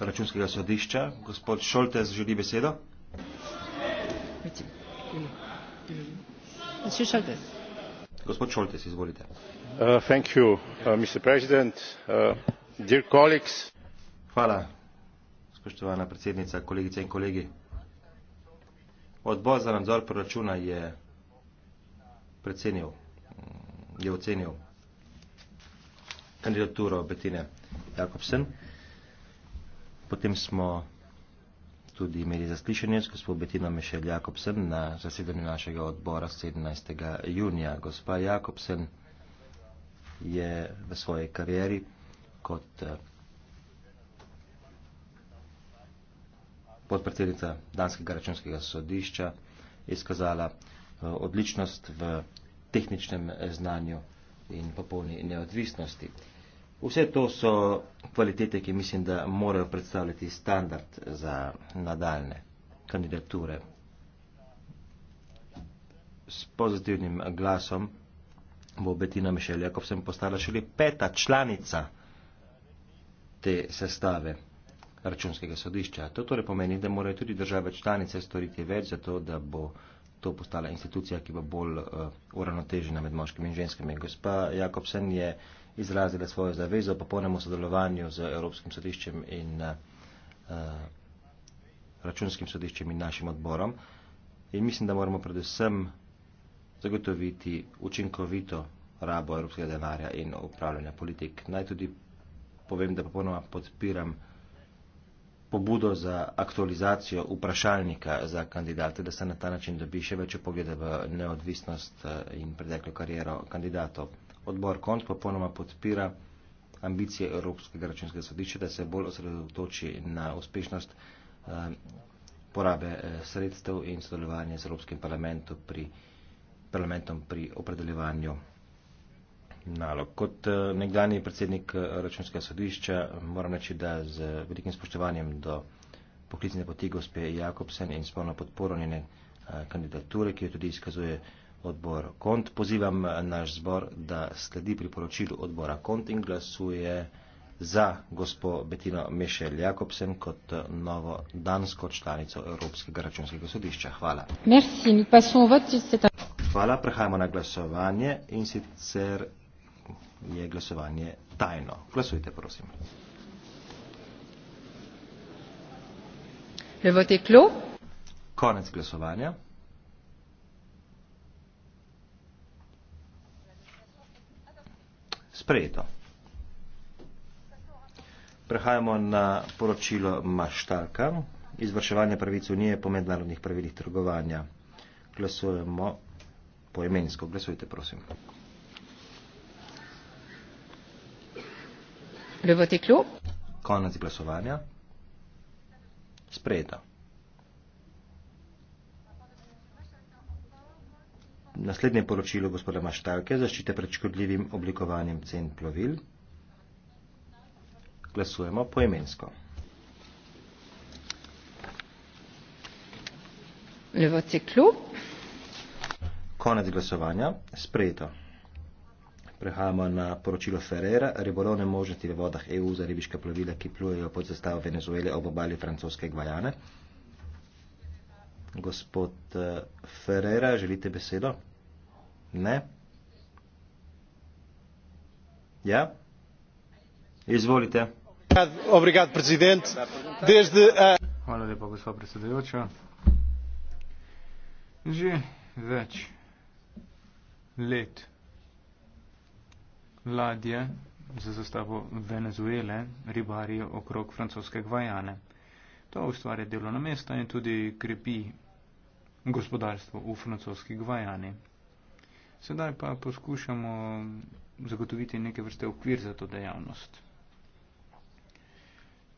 računskega sodišča. Gospod Šoltes želi besedo. Gospod Šoltes, izvolite. Uh, thank you, uh, Mr. President, uh, dear colleagues. Hvala, spoštovana predsednica, kolegice in kolegi. Odbor za nadzor proračuna je predsednil, je ocenil kandidaturo Betine Jakobsen. Uh, Potem smo tudi imeli zaslišanje s gospod Betino Mešel Jakobsen na zasedanju našega odbora 17. junija. Gospa Jakobsen je v svoji karieri kot eh, podpredsednica Danskega računskega sodišča izkazala eh, odličnost v tehničnem znanju in popolni neodvisnosti. Vse to so kvalitete, ki mislim, da morajo predstavljati standard za nadaljne kandidature. S pozitivnim glasom bo Betina Mišelja, ko sem postala šele peta članica te sestave računskega sodišča. To torej pomeni, da morajo tudi države članice storiti več za to, da bo to postala institucija, ki bo bolj uh, uravnotežena med moškimi in ženskimi. Gospa Jakobsen je uh, izrazile svojo zavezo po polnemu sodelovanju z Evropskim sodiščem in uh, računskim sodiščem in našim odborom. In mislim, da moramo predvsem zagotoviti učinkovito rabo evropskega denarja in upravljanja politik. Naj tudi povem, da popolnoma podpiram pobudo za aktualizacijo vprašalnika za kandidate, da se na ta način dobi še več pogleda v neodvisnost eh, in preteklo kariero kandidatov. Odbor Kont pa ponoma podpira ambicije Evropskega računskega sodišča, da se bolj osredotoči na uspešnost eh, porabe eh, sredstev in sodelovanje z Evropskim parlamentom pri, parlamentom pri opredeljevanju nalog. Kot eh, nekdani predsednik računskega sodišča moram reči, da z velikim spoštovanjem do poklicne poti gospe Jakobsen in spolno podporo njene kandidature, ki jo tudi izkazuje odbor KONT. Pozivam eh, naš zbor, da sledi priporočilu odbora KONT in glasuje za gospo Betino Mišel Jakobsen kot eh, novo dansko članico Evropskega računskega sodišča. Hvala. Merci. Hvala, prehajamo na glasovanje in sicer je glasovanje tajno. Glasujte, prosim. Le vote clos. Konec glasovanja. sprejeto. Prehajamo na poročilo Maštarka. Izvrševanje pravic unije po mednarodnih pravilih trgovanja. Glasujemo poimensko. Glasujte, prosim. Konec glasovanja. Sprejeto. naslednje poročilo gospoda Maštalke, zaščite pred škodljivim oblikovanjem cen plovil. Glasujemo poimensko. Levoci klub. Konec glasovanja. Sprejeto. Prehajamo na poročilo Ferreira. Ribolovne možnosti v vodah EU za ribiška plovila, ki plujejo pod zastavo Venezuele ob obali francoske Gvajane. Gospod eh, Ferreira, želite besedo? Ne? Ja? Izvolite. Obrigado, prezident. Desde... Eh, Hvala lepa, gospod predsedujoča. Že več let ladje za zastavo Venezuele ribarijo okrog francoske Gvajane. To ustvarja delo na mesta in tudi krepi gospodarstvo v francoski Gvajani. Sedaj pa poskušamo zagotoviti neke vrste okvir za to dejavnost.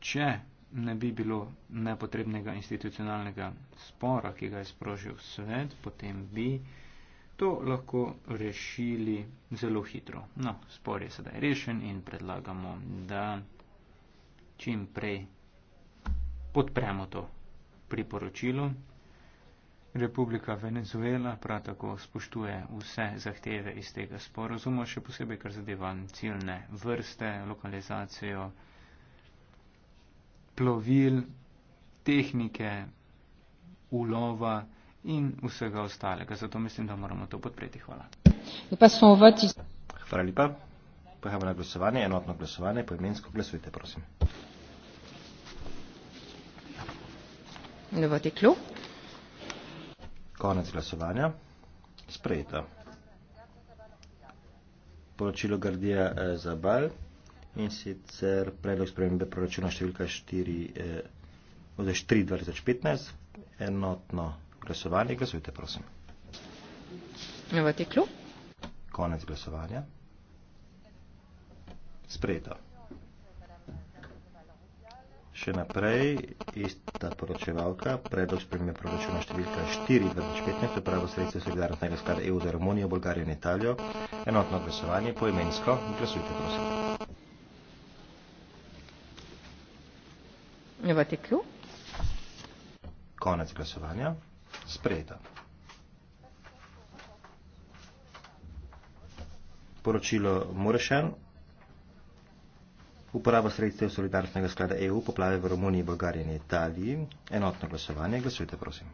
Če ne bi bilo nepotrebnega institucionalnega spora, ki ga je sprožil svet, potem bi to lahko rešili zelo hitro. No, spor je sedaj rešen in predlagamo, da čim prej podpremo to priporočilo. Republika Venezuela prav tako spoštuje vse zahteve iz tega sporozuma, še posebej kar zadeva ciljne vrste, lokalizacijo plovil, tehnike, ulova in vsega ostalega. Zato mislim, da moramo to podpreti. Hvala. Hvala lepa. Prehajamo na glasovanje, enotno glasovanje, poimensko glasujte, prosim. Ne bo teklo. Konec glasovanja. Sprejeta. Poročilo Gardija eh, za bal in sicer predlog spremembe proračuna številka 4, eh, 4 2015. Enotno glasovanje. Glasujte, prosim. V teklu. Konec glasovanja. Sprejeta še naprej, ista poročevalka, predlog spremembe proračuna številka 4-2015, to pravo sredstvo solidarnostnega sklada EU za Romunijo, Bolgarijo in Italijo, enotno glasovanje, poimensko, glasujte prosim. Konec glasovanja. Sprejeto. Poročilo Murešen. Uporaba sredstev solidarnostnega sklada EU poplave v Romuniji, Bolgariji in Italiji. Enotno glasovanje. Glasujte, prosim.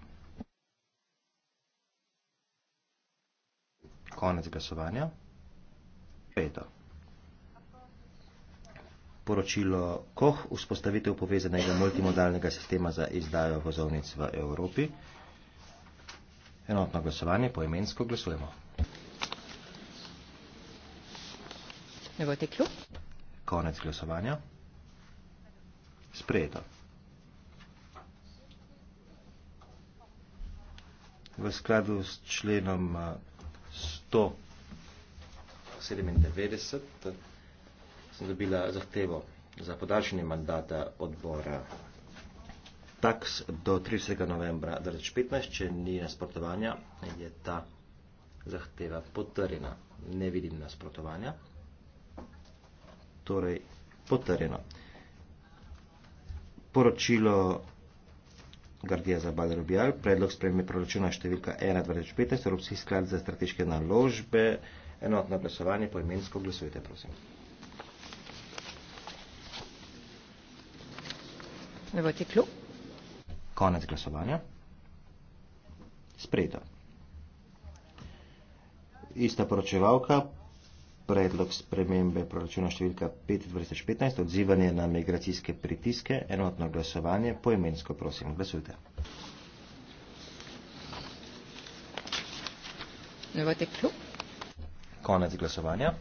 Konec glasovanja. Peto. Poročilo KOH vzpostavitev povezanega multimodalnega sistema za izdajo vozovnic v Evropi. Enotno glasovanje, poimensko glasujemo. Ne bojte kljub. Konec glasovanja. Sprejeto. V skladu s členom 197 eh, sem dobila zahtevo za podaljšanje mandata odbora taks do 30. novembra 2015, če ni nasprotovanja, je ta zahteva potrjena. Ne vidim nasprotovanja torej potrjeno. Poročilo Gardija za Bader Objal, predlog spremembe proračuna številka 1.2015, Evropski sklad za strateške naložbe, enotno glasovanje, poimensko glasujte, prosim. Ne bo teklo. Konec glasovanja. Sprejeto. Ista poročevalka, predlog spremembe proračuna številka 2015, odzivanje na migracijske pritiske, enotno glasovanje, poimensko prosim, glasujte. Konec glasovanja.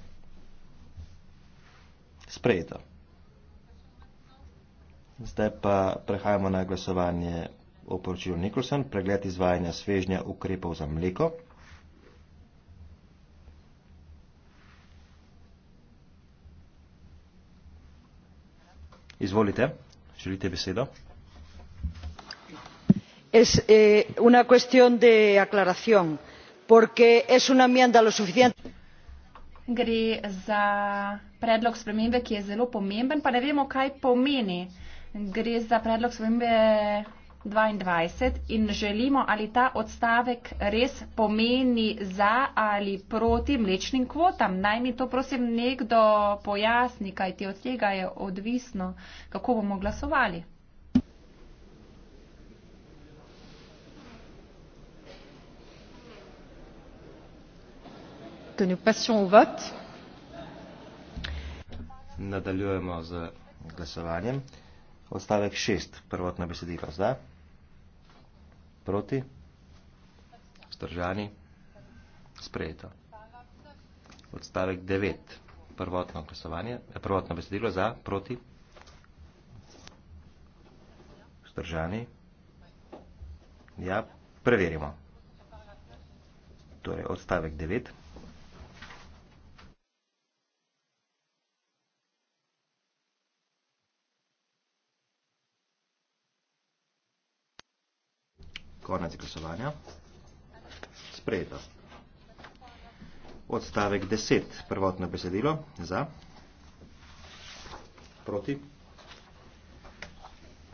Sprejeto. Zdaj pa prehajamo na glasovanje o poročilu Nikolson, pregled izvajanja svežnja ukrepov za mleko. Izvolite, želite besedo. Es eh, una cuestión de aclaración, porque es una enmienda lo suficiente. Gre za predlog spremembe, ki je zelo pomemben, pa ne vemo, kaj pomeni. Gre za predlog spremembe 2022 in želimo, ali ta odstavek res pomeni za ali proti mlečnim kvotam. Naj mi to prosim nekdo pojasni, kaj ti od tega je odvisno, kako bomo glasovali. Nadaljujemo z glasovanjem. Odstavek šest, prvotno besedilo za. Proti? Vzdržani? Sprejeto. Odstavek 9. Prvotno glasovanje. Eh, prvotno besedilo za? Proti? Vzdržani? Ja, preverimo. Torej, odstavek 9. Konec glasovanja. Sprejeto. Odstavek 10. Prvotno besedilo. Za. Proti.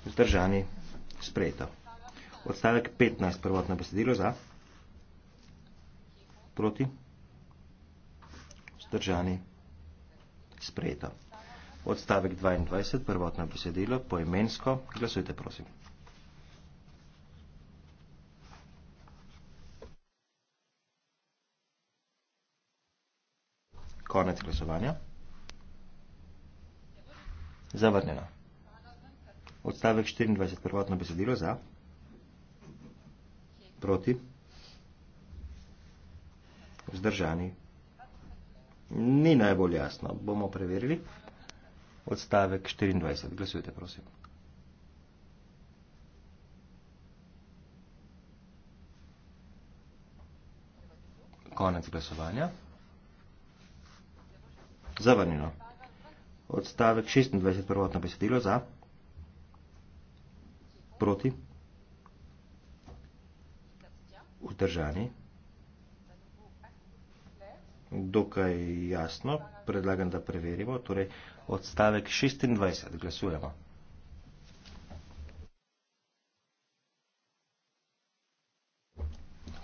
Zdržani. Sprejeto. Odstavek 15. Prvotno besedilo. Za. Proti. Zdržani. Sprejeto. Odstavek 22. Prvotno besedilo. Poimensko. Glasujte, prosim. Konec glasovanja. Zavrnjeno. Odstavek 24. Prvotno besedilo za. Proti. Vzdržani. Ni najbolj jasno. Bomo preverili. Odstavek 24. Glasujte, prosim. Konec glasovanja zavrnjeno. Odstavek 26, prvotno besedilo za, proti, vzdržani, dokaj jasno, predlagam, da preverimo, torej odstavek 26, glasujemo.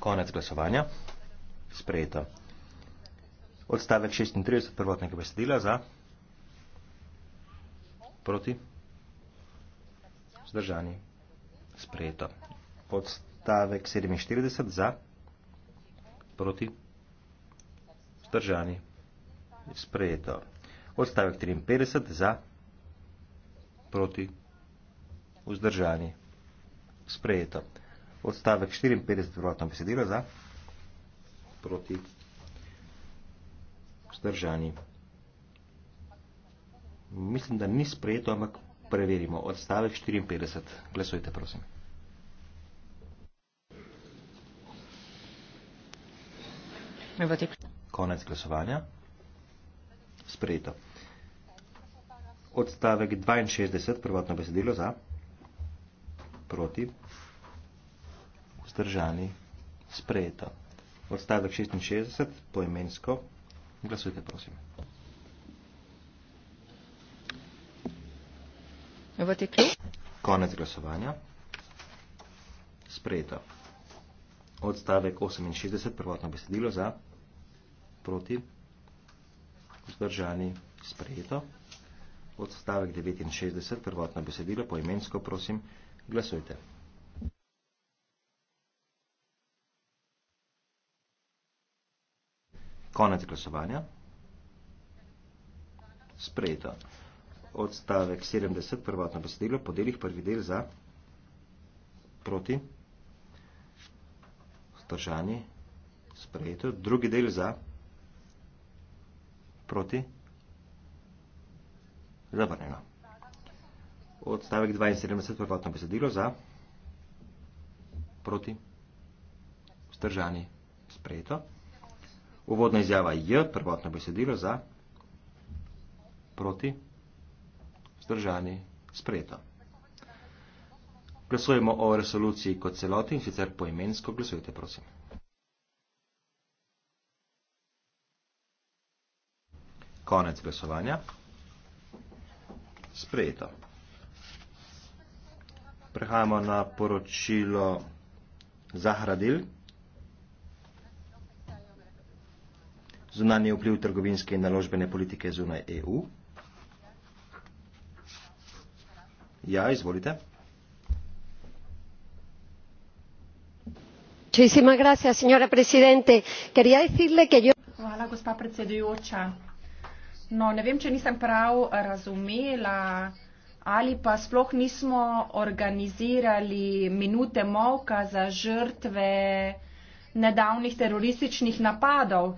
Konec glasovanja, sprejeto odstavek 36 prvotnega besedila za proti zdržani sprejeto. Odstavek 47 za proti zdržani sprejeto. Odstavek 53 za proti vzdržani sprejeto. Odstavek 54 prvotno besedilo za proti vzdržani vzdržani. Mislim, da ni sprejeto, ampak preverimo. Odstavek 54. Glasujte, prosim. Konec glasovanja. Sprejeto. Odstavek 62, prvotno besedilo za, proti, vzdržani, sprejeto. Odstavek 66, poimensko, Glasujte, prosim. V teku. Konec glasovanja. Sprejeto. Odstavek 68, prvotno besedilo za, proti, vzdržani, sprejeto. Odstavek 69, prvotno besedilo, poimensko, prosim, glasujte. Glasujte. Konec glasovanja. Sprejeto. Odstavek 70, prvotno besedilo, podelih prvi del za proti, vzdržani, sprejeto. Drugi del za proti, zavrnjeno. Odstavek 72, prvotno besedilo za proti, vzdržani, sprejeto. Uvodna izjava je, prvotno besedilo za, proti, vzdržani, sprejeto. Glasujemo o resoluciji kot celoti in sicer poimensko glasujte, prosim. Konec glasovanja. Sprejeto. Prehajamo na poročilo Zahradil. zunanje vpliv trgovinske in naložbene politike zunaj EU. Ja, izvolite. Hvala, gospa predsedujoča. No, ne vem, če nisem prav razumela ali pa sploh nismo organizirali minute molka za žrtve nedavnih terorističnih napadov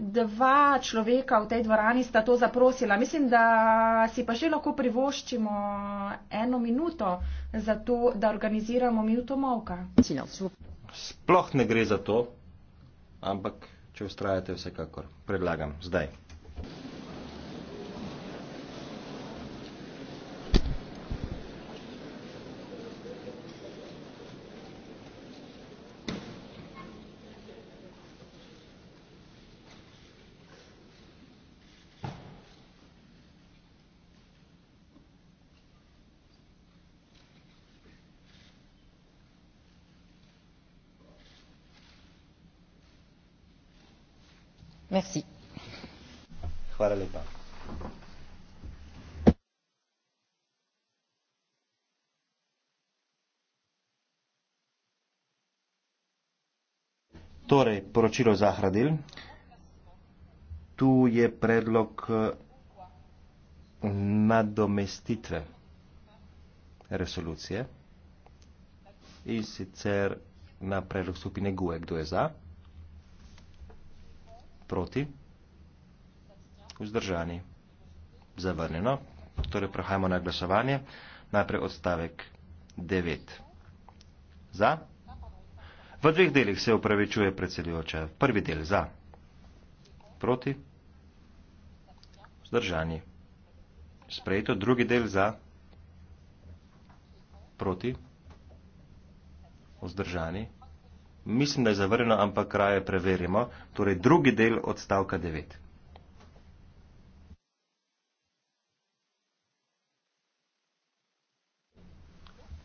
dva človeka v tej dvorani sta to zaprosila. Mislim, da si pa že lahko privoščimo eno minuto za to, da organiziramo minuto molka. Sploh ne gre za to, ampak če ustrajate vsekakor, predlagam zdaj. hvala lepa torej poročilo zahradil tu je predlog eh, nadomestitve resolucije in sicer na predlog skupine GUE. Kdo je za? Proti? Vzdržani. Zavrnjeno. Torej, prehajamo na glasovanje. Najprej odstavek 9. Za? V dveh delih se upravičuje predsedujoča. Prvi del za. Proti? Vzdržani. Sprejeto. Drugi del za. Proti? Vzdržani mislim, da je zavrjeno, ampak raje preverimo. Torej, drugi del odstavka 9.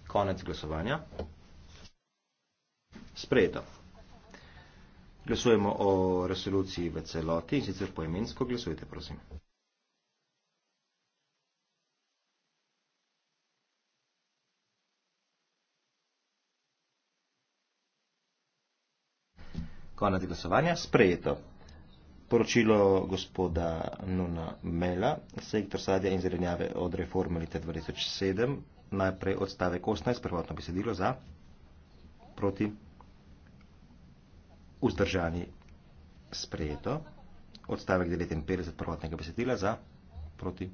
Konec glasovanja. Sprejeto. Glasujemo o resoluciji v celoti in sicer poimensko glasujte, prosim. konec glasovanja, sprejeto. Poročilo gospoda Nuna Mela, sektor sadja in zelenjave od reforme leta 2007, najprej odstavek 18, prvotno besedilo za, proti, vzdržani, sprejeto, odstavek 59, prvotnega besedila za, proti,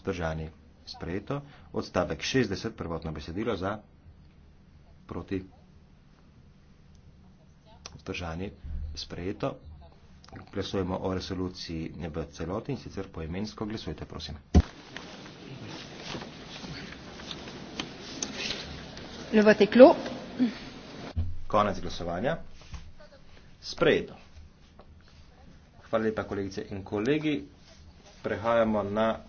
vzdržani, sprejeto, odstavek 60, prvotno besedilo za, proti, vzdržani, sprejeto vzdržani, sprejeto. Glasujemo o resoluciji nebe celoti in sicer poimensko glasujte, prosim. Ljubate klop. Konec glasovanja. Sprejeto. Hvala lepa, kolegice in kolegi. Prehajamo na